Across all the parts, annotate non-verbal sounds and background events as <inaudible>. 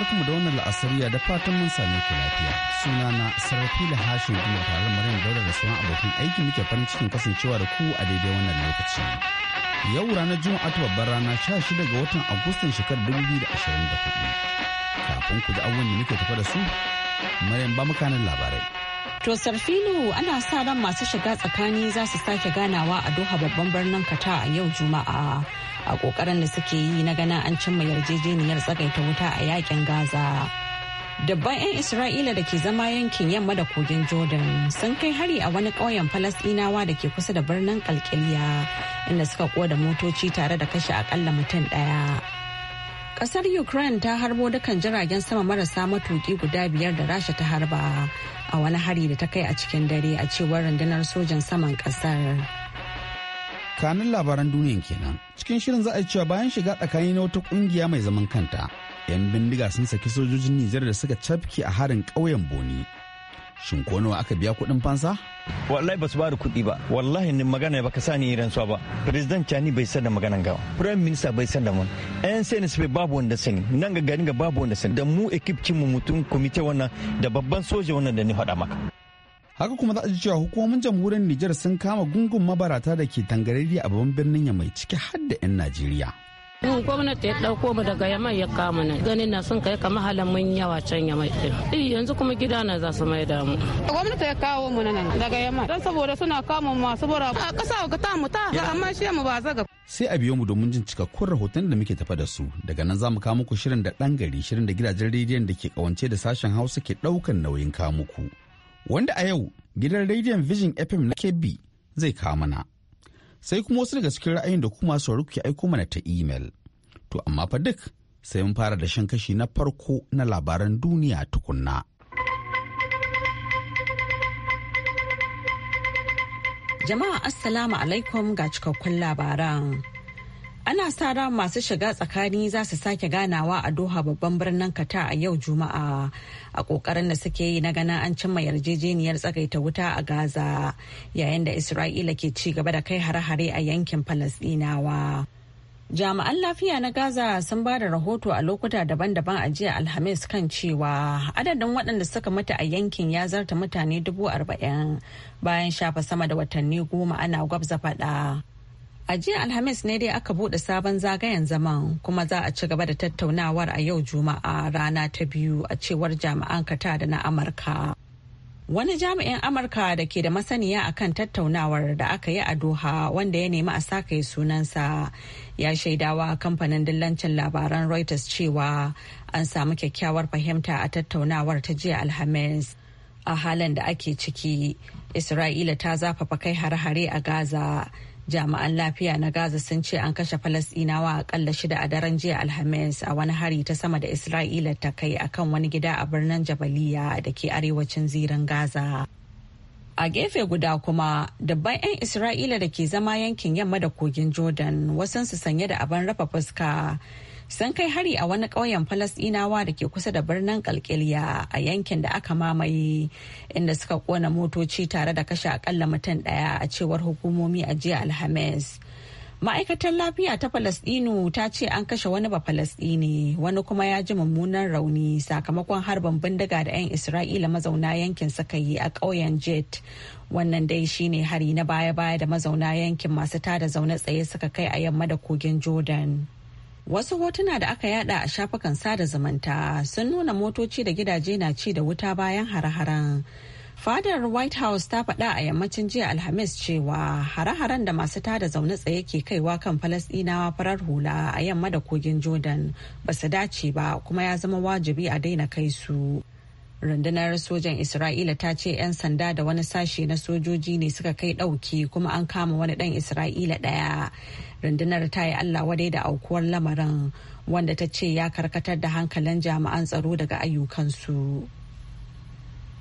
barkamu da wannan la'asariya da fatan mun same ku lafiya. na Sarrafi da Hashin kuma tare Maryam daular da sauran abokan aiki muke farin cikin kasancewa da ku a daidai wannan lokaci. Yau ranar Juma'a ta babbar rana sha 16 ga watan Agustan shekarar 2024. Kafin ku da abubuwan muke tafa da su, Maryam ba makanan labarai. To Sarfilu ana sa ran masu shiga tsakani za su sake ganawa a Doha babban birnin kata a yau Juma'a. a kokarin da suke yi na gana an cimma yarjejeniyar tsagaita wuta a yakin gaza dabban 'yan isra'ila da ke zama yankin yamma da kogin jordan sun kai hari a wani ƙauyen falasɗinawa da ke kusa da birnin kalkiliya inda suka koda motoci tare da kashe akalla mutum ɗaya Ƙasar ukraine ta harbo dukan jiragen sama marasa matuki guda biyar da rasha ta harba a wani hari da ta kai a cikin dare a cewar rundunar sojan saman ƙasar. kanin labaran duniyan kenan cikin shirin za a cewa bayan shiga tsakani na wata kungiya mai zaman kanta yan bindiga sun saki sojojin nijar da suka cafke a harin ƙauyen boni shin ko nawa aka biya kuɗin fansa wallahi ba su ba da kuɗi ba wallahi ni magana ba ka sani irin ba president chani bai san da magana ga prime minister bai san da mun yan su bai babu wanda sani nan ga ga babu wanda sani da mu ekipcin mu mutum komite wannan da babban soja wannan da ni fada maka haka kuma za a ji cewa hukumomin jamhuriyar Nijar sun kama gungun mabarata da ke tangarari a babban birnin ya mai ciki har da 'yan Najeriya. Mun gwamnati ya ɗauko mu daga yamai ya kama nan ganin na sun kai kama halin yawa can yamai ɗin. Eh, yanzu kuma gida na za su mai damu. Gwamnati ya kawo mu nan daga yamai don saboda suna kama masu bura. a ƙasa ga ta mu ta amma shi mu ba zaga. Sai a biyo mu domin jin cikakkun rahoton da muke tafa da su daga nan za mu kawo muku shirin da ɗan gari shirin da gidajen rediyon da ke ƙawance da sashen Hausa ke ɗaukan nauyin kamuku wanda a yau gidan rediyon vision fm na KB zai kawo mana sai kuma wasu daga cikin ra'ayin da kuma sauraro ke aiko mana ta imel to amma fa duk sai mun fara da shan kashi na farko na labaran duniya tukunna jama'a assalamu alaikum ga cikakkun labaran ana sa ran masu shiga tsakani za su sake ganawa a doha babban birnin kata a yau juma'a a kokarin da suke yi na ganin an cimma yarjejeniyar tsagaita wuta a gaza yayin da isra'ila ke ci gaba da kai hare-hare a yankin falasdinawa jami'an lafiya na gaza sun ba da rahoto a lokuta daban-daban a jiya alhamis kan cewa adadin waɗanda suka mutu a yankin ya zarta mutane dubu arba'in bayan shafa sama da watanni goma ana gwabza faɗa A jiya Alhamis ne dai aka bude sabon zagayen zaman kuma za a ci gaba da tattaunawar a yau Juma'a rana ta biyu a cewar jami'an kata da na Amurka. Wani jami'in Amurka da ke da masaniya akan tattaunawar da aka yi a Doha wanda ya nemi a sake sunansa ya shaidawa kamfanin dillancin labaran Reuters cewa an samu kyakkyawar fahimta a tattaunawar ta jiya Alhamis. A halin da ake ciki, Isra'ila ta zafafa kai har hare a Gaza. jami'an lafiya na gaza sun ce an kashe falasdinawa akalla shida a daren jiya alhamis a wani hari ta sama da isra'ila ta kai akan wani gida a birnin jabaliya da ke arewacin zirin gaza a gefe guda kuma dabban 'yan isra'ila da ke zama yankin yamma da kogin jordan wasansu sanye da abin rafa fuska sun kai hari a wani ƙauyen falasɗinawa da ke kusa da birnin kalkiliya a yankin da aka mamaye inda suka kona motoci tare da kashe akalla mutum ɗaya a cewar hukumomi a jiya alhamis ma'aikatar lafiya ta falasɗinu ta ce an kashe wani ba falasɗini wani kuma ya ji mummunan rauni sakamakon harbin bindiga da 'yan isra'ila mazauna yankin suka yi a ƙauyen jet wannan dai shine hari na baya-baya da mazauna yankin masu tada zaune tsaye suka kai a yamma da kogin jordan Wasu hotuna da aka yada a shafukan sada zumunta sun nuna motoci da gidaje na ci da wuta bayan hare-haren. Fadar White House ta faɗa a yammacin jiya Alhamis cewa hare-haren da masu tada zaune tsaye ke kaiwa kan Falasɗinawa farar hula a yamma da kogin Jordan ba su dace ba kuma ya zama wajibi a daina kai su. rundunar sojan isra'ila ta ce 'yan sanda da wani sashe na sojoji ne suka kai ɗauki kuma an kama wani ɗan isra'ila ɗaya rundunar ta yi allah wadai da aukuwar lamarin wanda ta ce ya karkatar da hankalin jami'an tsaro daga ayyukansu.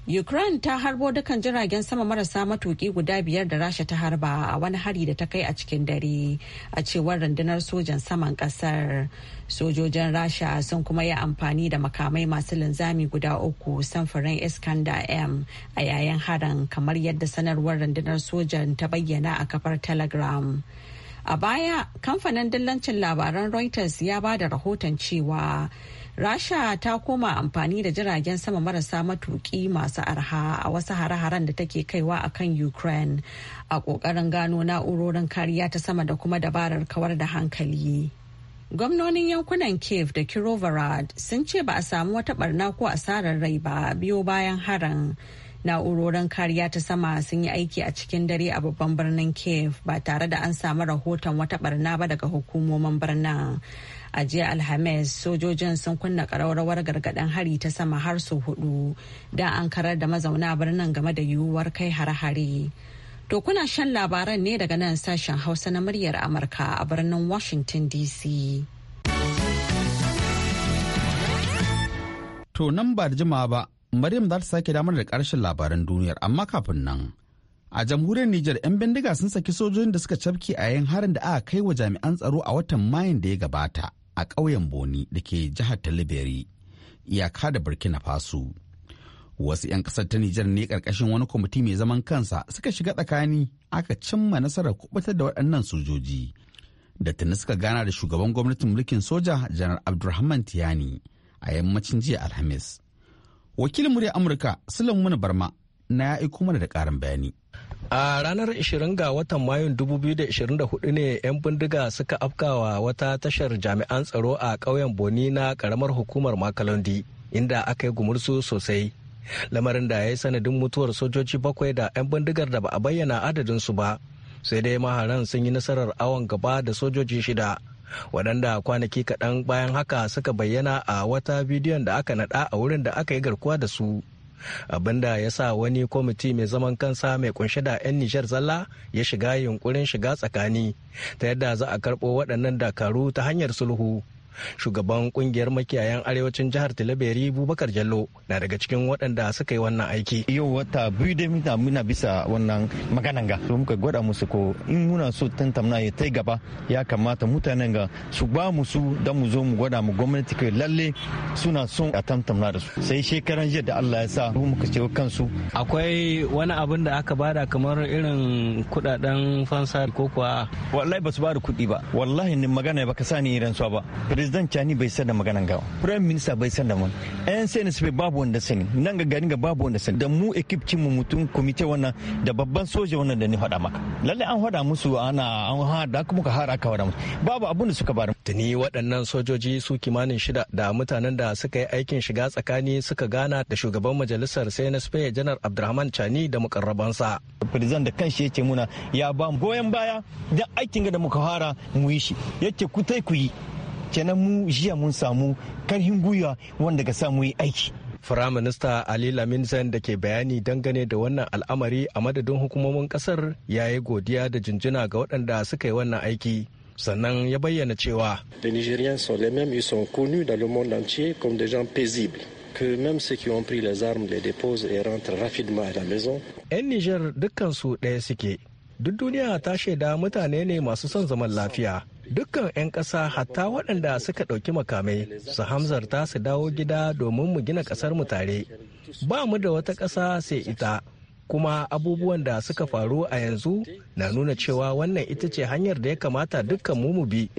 Ukraine ta harbo dukan jiragen sama marasa matuki guda biyar da Rasha ta harba a wani hari da ta kai a cikin dare a cewar rundunar sojan saman kasar. Sojojin Rasha sun kuma yi amfani da makamai masu linzami guda uku samfurin Iskander M a yayin Haran. kamar yadda sanarwar rundunar sojan ta bayyana a kafar Telegram. A baya, kamfanin dillancin labaran Reuters ya ba da rahoton cewa rasha ta koma amfani da jiragen sama marasa matuki masu arha a wasu hare-haren da take kaiwa a kan ukraine a kokarin gano na'urorin kariya ta sama da kuma dabarar kawar da hankali gwamnonin yankunan cape da kirovarad sun ce ba a samu wata barna ko asarar rai ba biyo bayan harin na'urorin kariya ta sama sun yi aiki a cikin dare a babban birnin cape ba tare da an samu rahoton wata barna ba daga hukumomin birnin a jiya alhamis sojojin sun kunna ƙararrawar gargaɗin hari ta sama har su hudu da an karar da mazauna birnin game da yiwuwar kai hare-hare to kuna shan labaran ne daga nan sashen hausa na muryar amurka a birnin washington dc to nan ba da jimawa ba maryam za ta sake damar da ƙarshen labaran duniyar amma kafin nan a jamhuriyar Nijar 'yan bindiga sun saki sojojin da suka cafke a yayin harin da aka kai wa jami'an tsaro a watan Mayun da ya gabata. a ƙauyen Boni da ke jihar Taliberi iyaka da Burkina Faso. Wasu 'yan ƙasar ta Nijar ne ƙarƙashin wani kwamiti mai zaman kansa suka shiga tsakani aka cimma nasarar kubutar da waɗannan sojoji. Da tuni suka gana da shugaban gwamnatin mulkin soja Janar Abdulrahman Tiyani a yammacin jiya Alhamis. Wakilin murya Amurka Sulaiman Barma na ya aiko mana da ƙarin bayani. A ranar 20 ga watan Mayun 2024 ne 'yan bindiga suka afkawa wata tashar jami'an tsaro a ƙauyen Boni na ƙaramar hukumar Makalondi, inda aka yi gumursu sosai. Lamarin da ya yi sanadin mutuwar sojoji bakwai da 'yan bindigar da ba a bayyana adadinsu ba, sai dai maharan sun yi nasarar awon gaba da sojoji shida. waɗanda kwanaki kaɗan bayan haka suka bayyana a wata bidiyon da aka naɗa a wurin da aka yi garkuwa da su. abinda ya sa wani kwamiti mai zaman kansa mai kunshe da 'yan nijar zalla ya shiga yunkurin shiga tsakani ta yadda za a karɓo waɗannan dakaru ta hanyar sulhu shugaban kungiyar makiyayan arewacin jihar tilaberi bubakar jallo na daga cikin waɗanda suka yi wannan aiki yau wata biyu da mita muna bisa wannan maganan ga su muka gwada musu ko in muna so tantamna ya tai gaba ya kamata mutanen ga su ba mu su dan mu zo mu gwada mu gwamnati kai lalle suna son a tantamna da su sai shekaran jiya da Allah ya sa muka ce kansu akwai wani abin da aka bada kamar irin kudaden fansa ko kuwa wallahi ba su ba da kuɗi ba wallahi ni magana ba ka sani irin su ba president cani bai san da maganan ga prime minister bai san da mun yan senis bai babu wanda sani nan ga gani ga babu wanda sani da mu cin mu mutum komite wannan da babban soja wannan da ni hada maka lalle an hada musu ana an hada kuma ka hara ka faɗa musu babu abun da suka bari tuni waɗannan sojoji su kimanin shida da mutanen da suka yi aikin shiga tsakani suka gana da shugaban majalisar CNSP janar Abdurrahman Chani da mukarrabansa president da kanshi yace muna ya ba mu goyon baya da aikin da muka fara mu yi shi yake ku tai ku yi kenan mu jiya mun samu karhin gwiwa wanda ga samu yi aiki Firaminista Ali Lamin Zain da ke bayani dangane da wannan al'amari a madadin hukumomin kasar ya yi godiya da jinjina ga waɗanda suka yi wannan aiki. sannan ya bayyana cewa Les Nigériens sont les mêmes, ils sont connus dans le monde entier comme des gens paisibles. que même ceux qui ont pris les armes les déposent et rentrent rapidement à la maison. 'Yan Nijar dukkansu ɗaya suke. Duk duniya ta shaida mutane ne masu son zaman lafiya. dukkan 'yan ƙasa hatta waɗanda suka ɗauki makamai su hamzarta su dawo gida domin mu gina ƙasar mu tare ba mu da wata ƙasa sai ita kuma abubuwan da suka faru a yanzu na nuna cewa wannan ita ce hanyar da ya kamata dukkan mu mu bi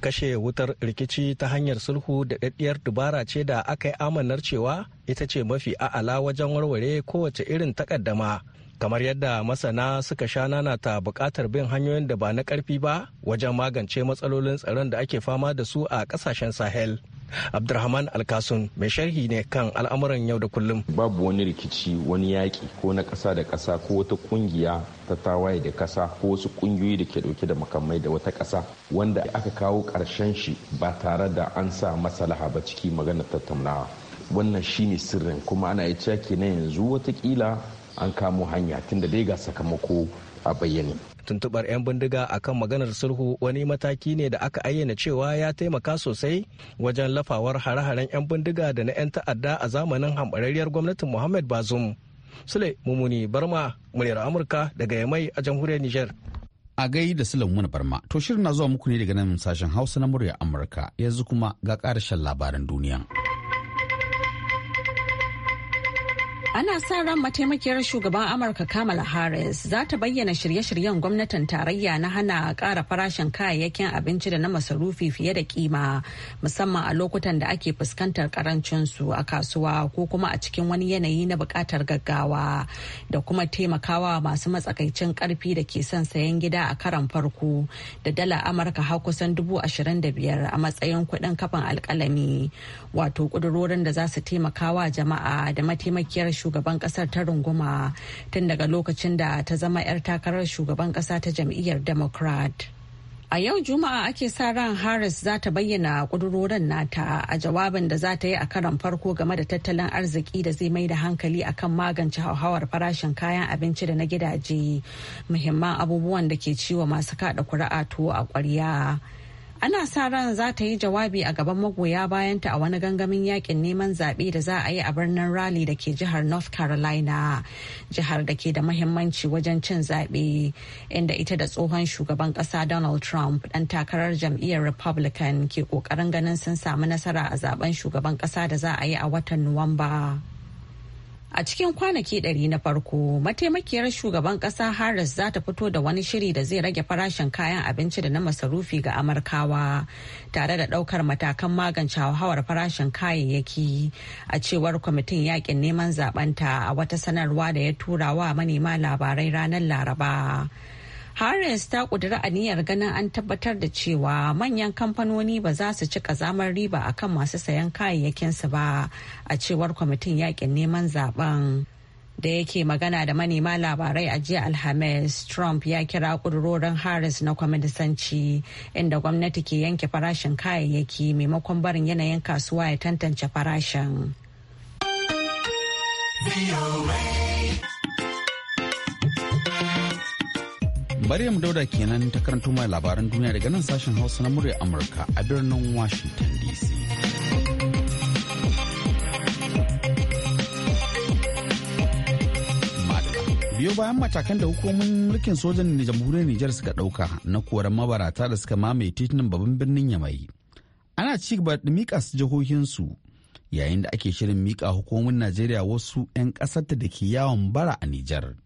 kashe wutar rikici ta hanyar sulhu da daddiyar dubara ce da aka yi amanar cewa ita ce mafi a'ala wajen warware kowace irin takaddama kamar yadda masana suka sha nana ta buƙatar bin hanyoyin da ba na ƙarfi ba wajen magance matsalolin tsaron da ake fama da su a ƙasashen sahel abdulrahman alkasun mai sharhi ne kan al'amuran yau da kullum babu wani rikici wani yaƙi ko na ƙasa da ƙasa ko wata ƙungiya ta tawaye da ƙasa ko wasu ƙungiyoyi da ke ɗauke da makamai da wata ƙasa wanda aka kawo ƙarshen shi ba tare da an sa masalaha ba ciki maganar tattaunawa wannan shine sirrin kuma ana iya cewa na yanzu watakila an kamo hanya tunda dai ga sakamako a bayyane tuntubar 'yan bindiga a kan maganar sulhu wani mataki ne da aka ayyana cewa ya taimaka sosai wajen lafawar hare-haren 'yan bindiga da na 'yan ta'adda a zamanin hambarariyar gwamnatin muhammad bazum sule mumuni barma muryar amurka daga yamai a jamhuriyar niger a gai da sule mumuni barma to shirin na zuwa muku ne daga nan sashen hausa na muryar amurka yanzu kuma ga ƙarshen labaran duniya. Ana sa ran mataimakiyar shugaban Amurka Kamala Harris za ta bayyana shirye-shiryen gwamnatin tarayya na hana ƙara farashin kayayyakin abinci da na masarufi fiye da kima musamman a lokutan da ake fuskantar karancinsu a kasuwa ko kuma a cikin wani yanayi na buƙatar gaggawa da kuma taimakawa masu matsakaicin ƙarfi da ke son sayan gida a karan farko da dala Amurka har kusan dubu ashirin da biyar a matsayin kuɗin kafin alƙalami wato ƙudurorin da za su taimakawa jama'a da mataimakiyar shugaban kasar ta runguma tun daga lokacin da ta zama 'yar takarar shugaban kasa ta jam'iyyar democrat a yau juma'a ake sa ran harris za ta bayyana kudurorin nata a jawabin da za ta yi a karon farko game da tattalin arziki da zai mai da hankali a kan magance hauhawar farashin kayan abinci da na gidaje muhimman abubuwan da ke ciwo masu kaɗa kuri'a tuwo a kwarya. ana sa ran za ta yi jawabi a gaban magoya bayanta a wani gangamin yakin neman zaɓe da za a yi a birnin rally da ke jihar north carolina jihar da ke da mahimmanci wajen cin zaɓe inda ita da tsohon shugaban ƙasa donald trump ɗan takarar jam'iyyar republican ke ƙoƙarin ganin sun samu nasara a zaben shugaban ƙasa da za a yi a watan nuwamba. A cikin kwanaki ɗari na farko, mataimakiyar shugaban ƙasa Harris za ta fito da wani shiri da zai rage farashin kayan abinci da na masarufi ga Amurkawa, tare da ɗaukar matakan magance hauhawar farashin kayayyaki, a cewar kwamitin yakin neman zaɓenta a wata sanarwa da ya tura wa manema labarai ranar Laraba. Harris ta kudura aniyar ganin an tabbatar da cewa manyan kamfanoni ba za su ci kazamar riba kan masu sayan kayayyakinsu ba a cewar kwamitin yakin neman zaben. Da yake magana da manema labarai a jiya Alhamis, Trump ya kira kudurorin Harris na kwamitisanci inda gwamnati ke yanke farashin kayayyaki maimakon barin yanayin kasuwa ya tantance farashin. Maryam Dauda kenan ta karanto mai labaran duniya daga nan sashen Hausa na murya Amurka a birnin Washington DC. biyo bayan matakan da hukumomin mulkin sojan jamhuriyar Nijar suka ɗauka na koran mabarata da suka mamaye titunan babban birnin Yamai. Ana ci gaba da miƙa su jihohinsu yayin da ake shirin mika hukumomin Najeriya wasu 'yan ƙasarta da ke yawon bara a Nijar.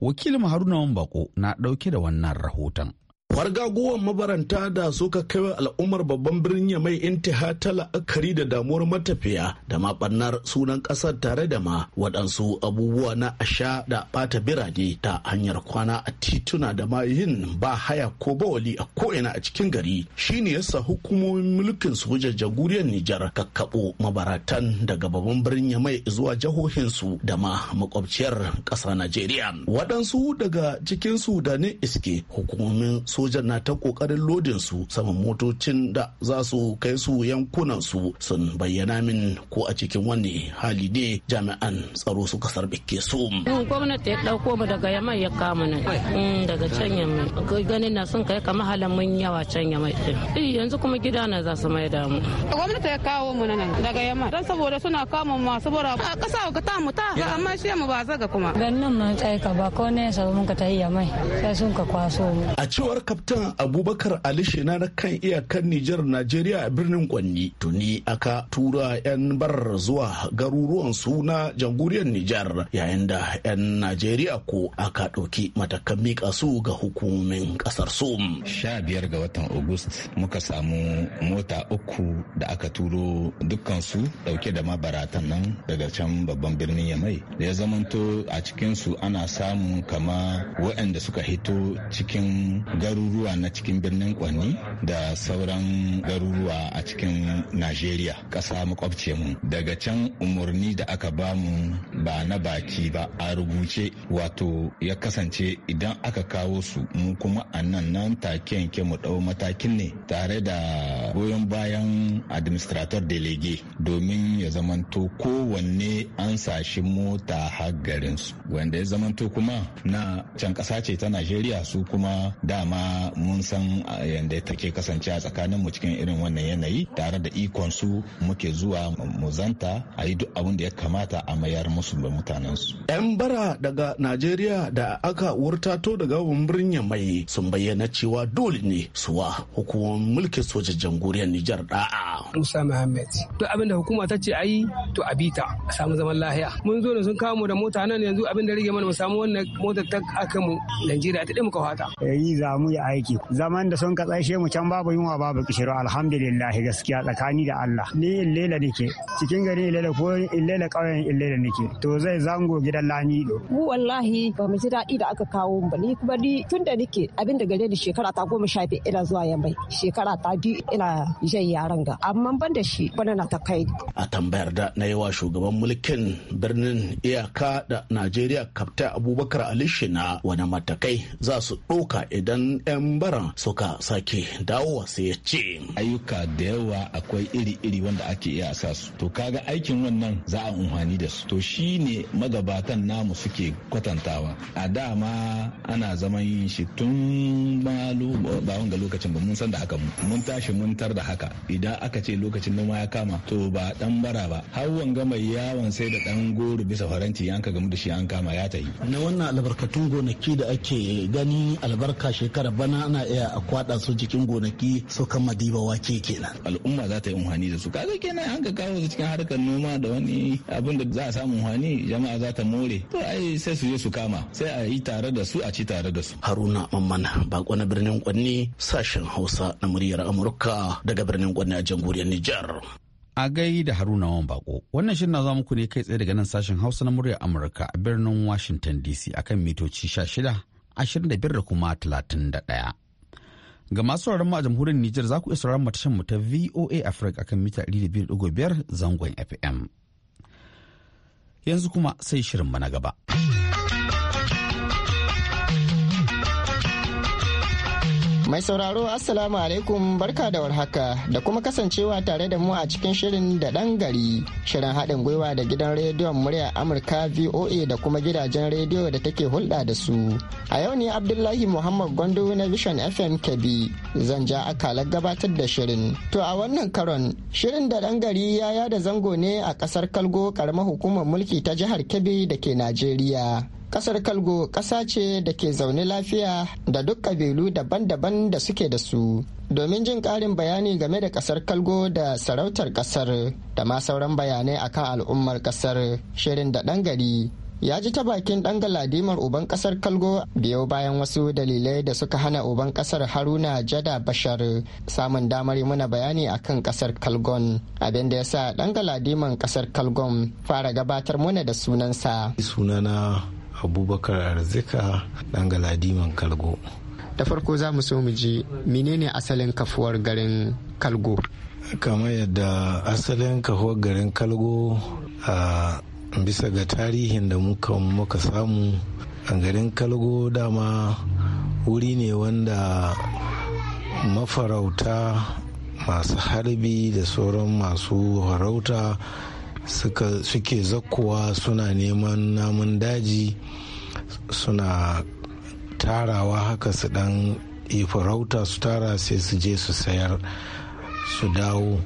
wakilin haruna bako na ɗauke da wannan rahoton Fargaguwan mabaranta da suka kai al'ummar babban birnin mai intiha ta la'akari da damuwar matafiya da ma barnar sunan ƙasar tare da ma waɗansu abubuwa na asha da ɓata birane ta hanyar kwana a tituna da ma yin ba haya ko bawali a ko'ina a cikin gari shine yasa hukumomin mulkin sojan jamhuriyar Nijar kakkaɓo mabaratan daga babban birnin mai zuwa jihohinsu da ma makwabciyar ƙasa Najeriya. Waɗansu daga cikinsu da ne iske hukumomin sojan na ta kokarin lodin su saman motocin da za su kai su yankunan su sun bayyana min ko a cikin wani hali ne jami'an tsaro suka sarbike su. Mm, gwamnati ya dauko mu daga yamai ya kama ne mm, daga can yamai ganin na sun kai kamar halin mun yawa can yamai din eh, yanzu kuma gida na za su mai da mu. gwamnati ya kawo mu nan daga yamai dan saboda suna kama mu saboda a kasa ka ta mu ta amma shi mu ba zaga kuma. ganin mun ka ba ko ne mun ka ta yi yamai sai sun ka kwaso mu. a cewar kaftan abubakar ali shina na kan iyakar nijar najeriya a birnin kwanni tuni aka tura 'yan bar zuwa garuruwan su na jamhuriyar nijar yayin da 'yan najeriya ko aka ɗauki matakan miƙa su ga hukumin ƙasar su sha biyar ga watan august muka samu mota uku da aka turo dukkansu dauke da mabaratan nan daga can babban birnin yamai da ya zamanto a cikinsu ana samun kama waɗanda suka hito cikin garu garuruwa na cikin birnin Kwanni da sauran garuruwa a cikin Najeriya ƙasa makwabce mu. Daga can umarni da aka bamu ba na baki ba a rubuce wato ya kasance idan aka kawo su mu kuma a nan nan take yanke mu dau matakin ne tare da goyon bayan administrator delege domin ya zamanto kowanne an sashi mota har su wanda ya zamanto kuma na can ƙasa ce ta Najeriya su kuma dama mun san yadda take kasance a tsakanin mu cikin irin wannan yanayi tare da ikon su muke zuwa muzanta a yi duk abin da ya kamata a mayar musu da mutanen su yan bara daga najeriya da aka wurtato daga birnin mai sun bayyana cewa dole ne suwa hukumar mulkin sojan jamhuriyar nijar da'a musa muhammad To abin da hukuma ta ce ayi to Abita a samu zaman lahiya mun zo da sun kawo mu da mota nan yanzu abin da rage mana mu samu wannan motar ta aka mu najeriya ta ɗaya muka fata yayi eh, za mu daɗi aiki zaman da sun ka tsaishe mu can babu yunwa babu kishiro alhamdulillah gaskiya tsakani da Allah ni illela nake cikin garin illela ko illela kauyen illela nake to zai zango gidan lamido mu wallahi ba mu ji daɗi da aka kawo mu ba ni kuma ni nake abin da gare ni shekara ta goma sha ina zuwa yamai shekara ta biyu ina jan yaran ga amma ban da shi bana na ta kai a tambayar da na yi wa shugaban mulkin birnin iyaka da Najeriya Kafta Abubakar alishina wani matakai za su ɗauka idan 'yan bara suka sake dawowa sai ya ce ayyuka da yawa akwai iri-iri wanda ake iya sa su to kaga aikin wannan za a amfani da su to shine magabatan namu suke kwatantawa a da ma ana zaman yin shi tun ba wanga lokacin ba mun san da haka mun tashi mun tar da haka idan aka ce lokacin noma ya kama to ba dan bara ba har wanga mai yawon sai da dan goro bisa faranti yanka gamu da shi an kama ya tafi na wannan albarkatun gonaki da ake gani albarka shekara da bana ana iya a kwada su cikin gonaki su kan diba wake kenan al'umma za ta yi unhani da su kaga kenan an ka kawo su cikin harkar noma da wani abin da za a samu unhani jama'a za ta more to ai sai su je su kama sai a yi tare da su a ci tare da su haruna mamman bako na birnin kwanni sashen hausa na muryar amurka daga birnin kwanni a jamhuriyar nijar a gai da haruna wan bako wannan shirin na muku ne kai tsaye daga nan sashen hausa na muryar amurka a birnin washington dc akan mitoci shida. 25 da kuma 31. Ga masu sauraron mu a jamhuriyar Nijar za ku iya sauraron mu tashar mu ta VOA Africa kan mita 200.5 zangon FM. Yanzu kuma sai shirin mu na gaba. Mai sauraro Assalamu alaikum barka da warhaka da kuma kasancewa tare da mu a cikin shirin da ɗan gari shirin haɗin gwiwa da gidan rediyon murya Amurka VOA da kuma gidajen rediyo da take hulɗa da su. A yau ne Abdullahi Muhammad Gondo na Vision FM Kebbi zan ja akalar gabatar da shirin. To a wannan karon shirin da ɗan gari ya yada zango ne a ƙasar Kalgo ƙaramar hukumar mulki ta jihar Kebbi da ke Najeriya. Kasar Kalgo ƙasa ce da ke zaune lafiya da duk ƙabilu daban-daban da suke da su. Domin jin ƙarin bayani game da ƙasar Kalgo da sarautar ƙasar da ma sauran bayanai akan al'ummar ƙasar shirin da ɗan gari ya ji ta bakin dan galadimar uban kasar kalgo biyo bayan wasu dalilai da suka hana uban kasar haruna jada bashar samun damar muna bayani akan kasar kalgon abin da ya sa dan galadiman kasar kalgon fara gabatar muna da sunansa sunana abubakar arzika dan galadiman kalgo da farko za mu so mu ji menene asalin kafuwar garin kalgo kamar yadda asalin kafuwar garin kalgo a bisa ga tarihin da muka muka samu a garin kalgo dama wuri ne wanda mafarauta masu harbi da sauran masu harauta suke zakkowa suna neman namun daji suna tarawa haka su dan farauta su tara sai su je su sayar su dawo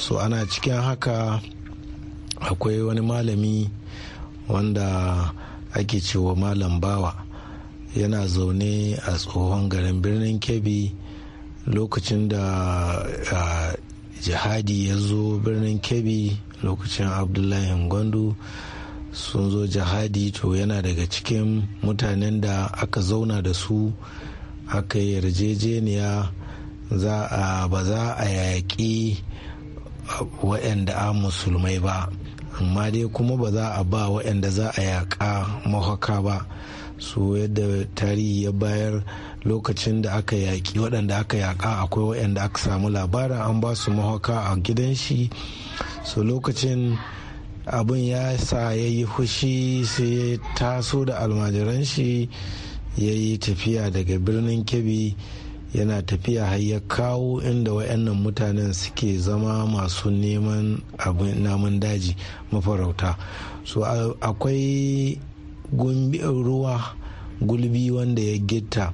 so ana cikin haka akwai wani malami wanda ake cewa malam bawa yana zaune a tsohon garin birnin kebbi lokacin da ah, jihadi ya zo birnin kebbi lokacin abdullahi gwandu sun zo jihadi to yana daga cikin mutanen da aka zauna da su aka yarjejeniya za a ba za a yaƙi waɗanda a musulmai ba amma dai kuma ba za a ba waɗanda za a yaƙa mahaka ba su yadda tarihi ya bayar lokacin da aka yaƙi waɗanda aka yaƙa akwai waɗanda aka samu labarin an ba su mahauka a gidan shi so lokacin abin ya sa ya yi fushi sai ya taso da almajiran shi ya yi tafiya daga birnin kebi yana tafiya har ya kawo inda wayannan mutanen suke zama masu neman abin namun daji mafarauta so akwai ruwa gulbi wanda ya gitta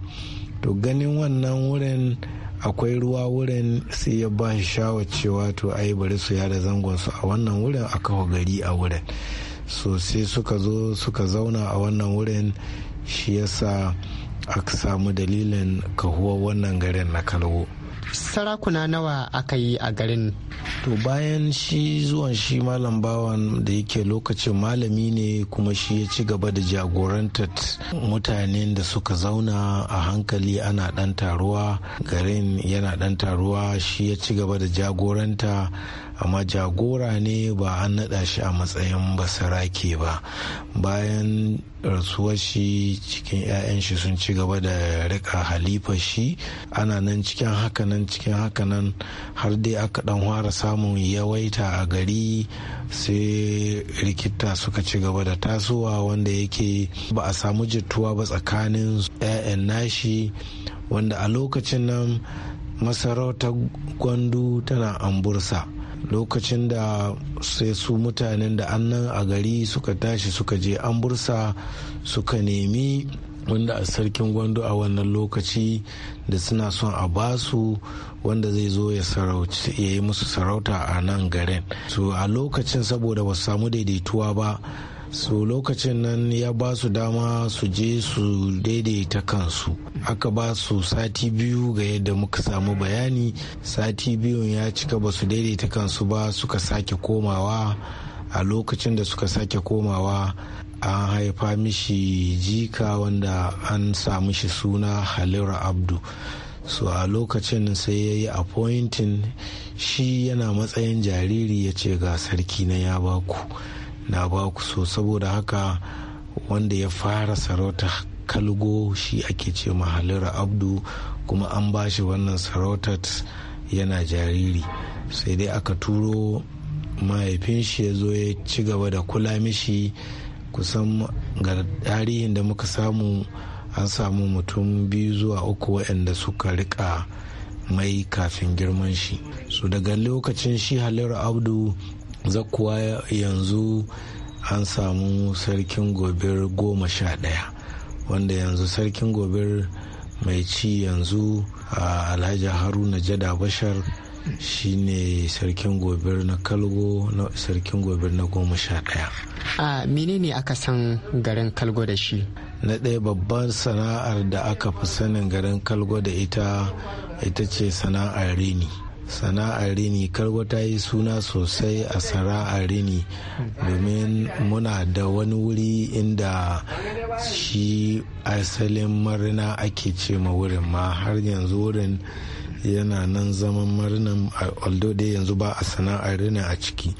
to ganin wannan wurin akwai ruwa wurin sai ya ba shi cewa to ai bari su yada zangon su a wannan wurin a kawo gari a wurin so sai suka zo suka zauna a wannan wurin shi yasa aka samu dalilin kahuwar wannan garin na kalwo sarakuna nawa aka yi a garin to bayan shi zuwan shi malam bawan da yake lokacin malami ne kuma shi ya ci gaba da jagorantar mutanen da suka zauna a hankali ana dan taruwa garin yana dan taruwa shi ya ci gaba da jagoranta amma jagora ne ba an naɗa shi a matsayin basarake ba bayan rasuwar shi cikin 'ya'yan shi sun ci gaba da rika halifa shi ana nan cikin hakanan cikin hakanan har dai aka dan fara samun yawaita a gari sai rikita suka ci gaba da tasowa wanda yake ba a samu jituwa ba tsakanin 'ya'yan nashi wanda a lokacin nan masarautar gwandu tana ambursa lokacin da sai su mutanen da annan a gari suka tashi suka je an bursa suka nemi wanda a sarkin gwando a wannan lokaci da suna son a basu wanda zai zo ya yi musu sarauta a nan garin su a lokacin saboda ba samu daidaituwa ba su lokacin nan ya ba su dama su je su daidaita kansu aka ba su sati biyu ga yadda muka samu bayani sati biyun ya cika ba su daidaita kansu ba suka sake komawa a lokacin da suka sake komawa an haifa mishi jika wanda an samu shi suna halira abdu so a lokacin sai ya yi appointing shi yana matsayin jariri ya ce ga sarki na ya baku na ba ku so saboda haka wanda ya fara sarauta kalgo shi ake ce halira abdu kuma an ba shi wannan sarautar yana jariri sai dai aka turo mahaifin shi ya zo ya ci gaba da kula mishi kusan ga tarihin da muka samu an samu mutum biyu zuwa uku waɗanda suka rika mai kafin girman shi su daga lokacin shi halar abdu zakuwa yanzu an samu sarkin gobir goma sha ɗaya wanda yanzu sarkin gobir mai ci yanzu a alhaji haruna jada bashar shi ne sarkin gobir na kalgo na sarkin gobir na goma sha ɗaya a menene aka san garin kalgo da shi na ɗaya babban sana'ar da aka fi sanin garin kalgo da ita ita ce sana'ar rini sana'ar rini kargo ta yi suna sosai a sana'ar rini domin muna da wani wuri inda shi asalin marina ake ce ma wurin ma har yanzu wurin yana nan zaman marinan although dai yanzu ba a sana'ar rini a ciki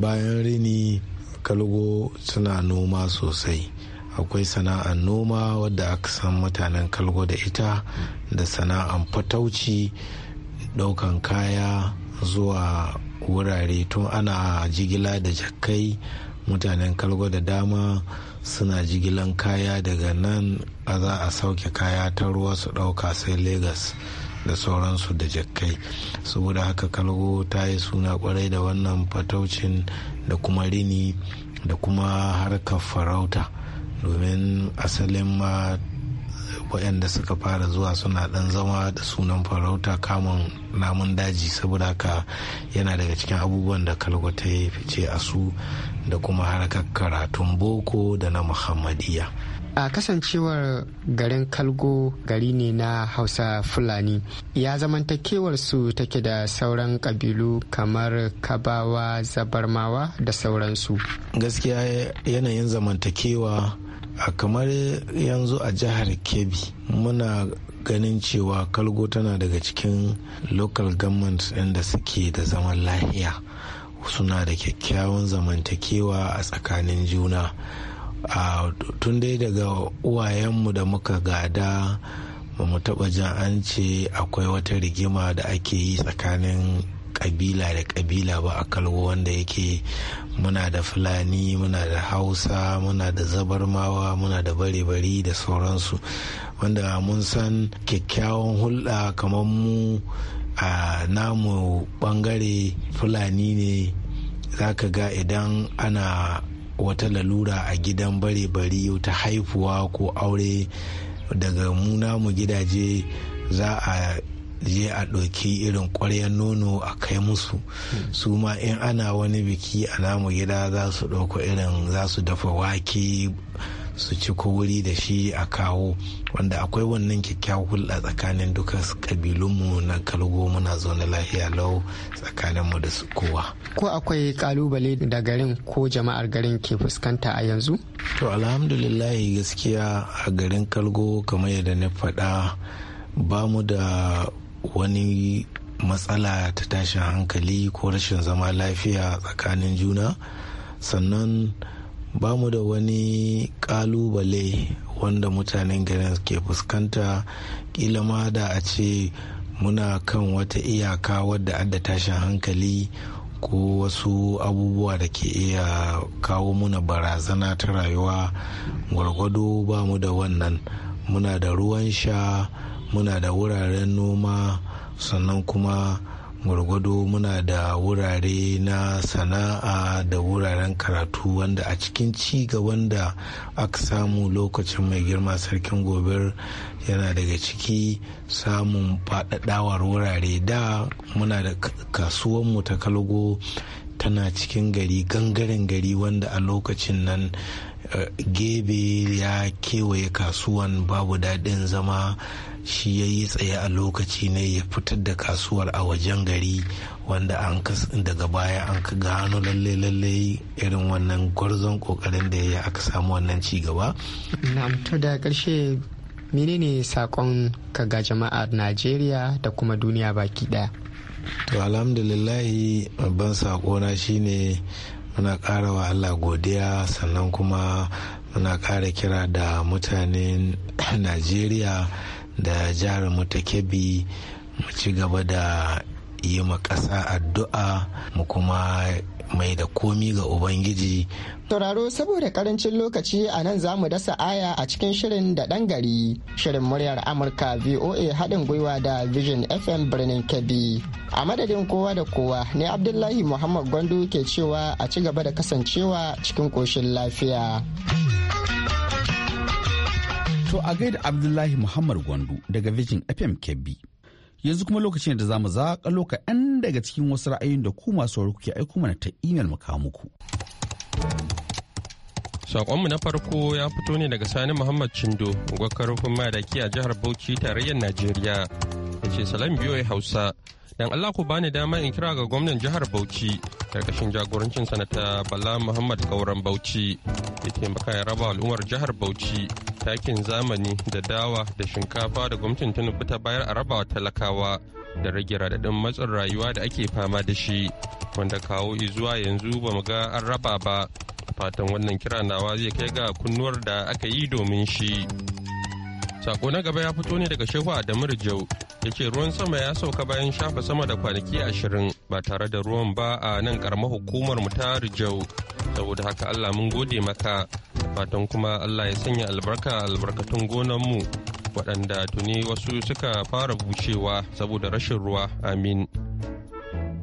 bayan rini kalgo suna noma sosai akwai sana'ar noma wadda aka san mutanen kalgo da ita da sana'ar fatauci daukan kaya zuwa wurare tun ana jigila da jakai mutanen kalgo da dama suna jigilan kaya daga nan a za a sauke kaya ta ruwa su ɗauka sai Legas da sauransu da jakai saboda haka kalgo ta yi suna kwarai da wannan fataucin da kuma rini da kuma harkar farauta domin asalin ma waɗanda suka fara zuwa suna ɗan zama da sunan farauta kamun namun daji saboda haka yana daga cikin abubuwan da ta yi fice a su da kuma harkar karatun boko da na muhammadiyya a kasancewar garin kalgo gari ne na hausa fulani ya zamantakewar su take da sauran kabilu kamar kabawa zabarmawa da sauransu gaskiya yanayin zamantakewa a kamar yanzu a jihar kebbi muna ganin cewa kalgo tana daga cikin local government ɗin suke da zaman lahiya suna da kyakkyawan zamantakewa a tsakanin juna tun dai daga uwayenmu da muka gada ba mu taba jan an ce akwai wata rigima da ake yi tsakanin kabila da kabila ba a kalwo wanda yake muna da fulani muna da hausa muna da zabarmawa muna da bare-bari da sauransu wanda mun san kyakkyawan hulɗa kamar mu a namu bangare fulani ne za ka ga idan ana wata lalura a gidan bare-bari ta haifuwa ko aure daga mu namu gidaje za a je a ɗauki irin ƙwaryar nono a kai musu su ma in ana wani biki a namu gida za su ɗauko irin za su dafa wake su ci ko wuri da shi a kawo wanda akwai wannan kyakkyawar hulɗa tsakanin duka kabilunmu na kalgo muna zaune lafiya lau tsakaninmu da su kowa. Ko akwai kalubale da garin ko jama'ar garin ke fuskanta a yanzu? To alhamdulillah gaskiya a garin kalgo kamar yadda na faɗa ba mu da wani matsala ta tashin hankali ko rashin zama lafiya tsakanin juna sannan ba mu da wani kalubale wanda mutanen garin ke fuskanta kila ma da a ce muna kan wata iyaka wadda adda tashin hankali ko wasu abubuwa da ke iya kawo muna barazana ta rayuwa gwargwado ba mu da wannan muna da ruwan sha muna da wuraren noma sannan kuma gwargwado muna da wurare na sana'a da wuraren karatu wanda a cikin ci gaban da aka samu lokacin mai girma sarkin gobir yana daga ciki samun faɗaɗawar wurare da muna da kasuwanmu ta kalgo tana cikin gari gangaren gari wanda a lokacin nan gebe ya kewaye kasuwan babu daɗin zama shi ya yi tsaye a lokaci ne ya fitar da kasuwar a wajen gari wanda an daga baya an ka gano lalle lalle irin wannan gwarzon kokarin da ya aka samu wannan ci gaba na'am to da karshe menene sakon kaga ga jama'ar najeriya da kuma duniya baki daya to alhamdulillahi babban sakona shine muna ƙara wa allah godiya sannan kuma muna ƙara kira da mutanen <coughs> najeriya da jihar mu ta kebbi mu ci gaba da yi ma ƙasa addu'a mu kuma mai da komi ga ubangiji Tauraro saboda karancin lokaci a nan za mu dasa aya a cikin shirin da ɗan gari. Shirin muryar Amurka VOA haɗin gwiwa da Vision FM birnin Kebbi. A madadin kowa da kowa ne Abdullahi Muhammad Gwandu ke cewa a ci gaba da kasancewa cikin koshin lafiya. To a gaida Abdullahi Muhammad Gwandu daga Vision FM Kebbi. Yanzu kuma lokacin da za mu zaƙa loka 'yan daga cikin wasu ra'ayin da ku masu wari kuke aiko mana ta imel mu kawo muku. Sakonmu na farko ya fito ne daga Sani Muhammad Chindo, gwakar madaki madaki a jihar Bauchi tarayyar Najeriya. Ya ce salam Hausa, dan Allah ku bani dama in kira ga gwamnan jihar Bauchi, karkashin jagorancin sanata Bala Muhammad Kauran Bauchi, ya taimaka ya raba al'ummar jihar Bauchi takin zamani da dawa da shinkafa da gwamnatin Tinubu ta bayar a rabawa talakawa. da rage raɗaɗin matsin rayuwa da ake fama da shi wanda kawo izuwa yanzu ba mu ga an raba ba fatan wannan kira nawa zai kai ga kunnuwar da aka yi domin shi sako na gaba ya fito ne daga shehu adamu jau ya ce ruwan sama ya sauka bayan shafa sama da kwanaki ashirin ba tare da ruwan ba a nan karamar hukumar mu ta rijau saboda haka allah mun gode maka fatan kuma allah ya sanya albarka albarkatun gonan mu waɗanda tuni wasu suka fara bushewa saboda rashin ruwa amin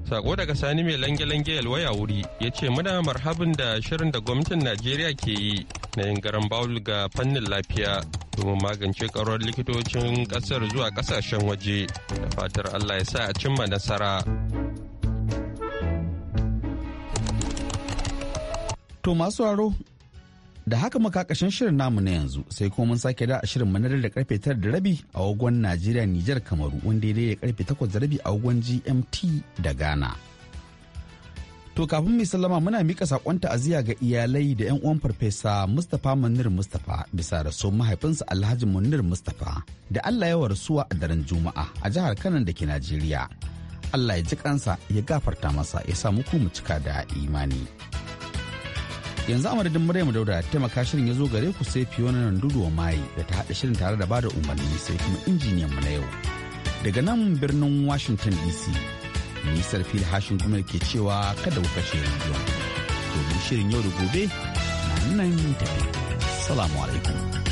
sako daga sani mai lange-lange waya wuri ya ce muna marhabin da shirin da gwamnatin najeriya ke yi na yin garan baul ga fannin lafiya domin magance karuwar likitocin kasar zuwa kasashen waje da fatar allah ya sa a cimma nasara to masu da haka muka kashin shirin namu na yanzu sai kuma mun sake da shirin mu da karfe tara da rabi a wagon Najeriya Nijar Kamaru wanda ya da karfe 8 da rabi a wagon GMT da Ghana. To kafin mai sallama muna mika sakon ta'aziyya ga iyalai da yan uwan farfesa Mustapha Munir Mustapha bisa da mahaifinsa Alhaji Munir Mustapha da Allah ya warsuwa a daren Juma'a a jihar Kano da ke Najeriya. Allah ya ji kansa ya gafarta masa ya sa muku mu cika da imani. yanzu a madadin maryam dauda taimaka shirin ya zo gare ku sai fiona nan duduwa mai da ta haɗa shirin tare da bada umarni sai kuma injiniyan mu na yau daga nan birnin washington dc nisar fil hashin kuma ke cewa kada ku kashe rediyon domin shirin yau da gobe na nan tafi salamu alaikum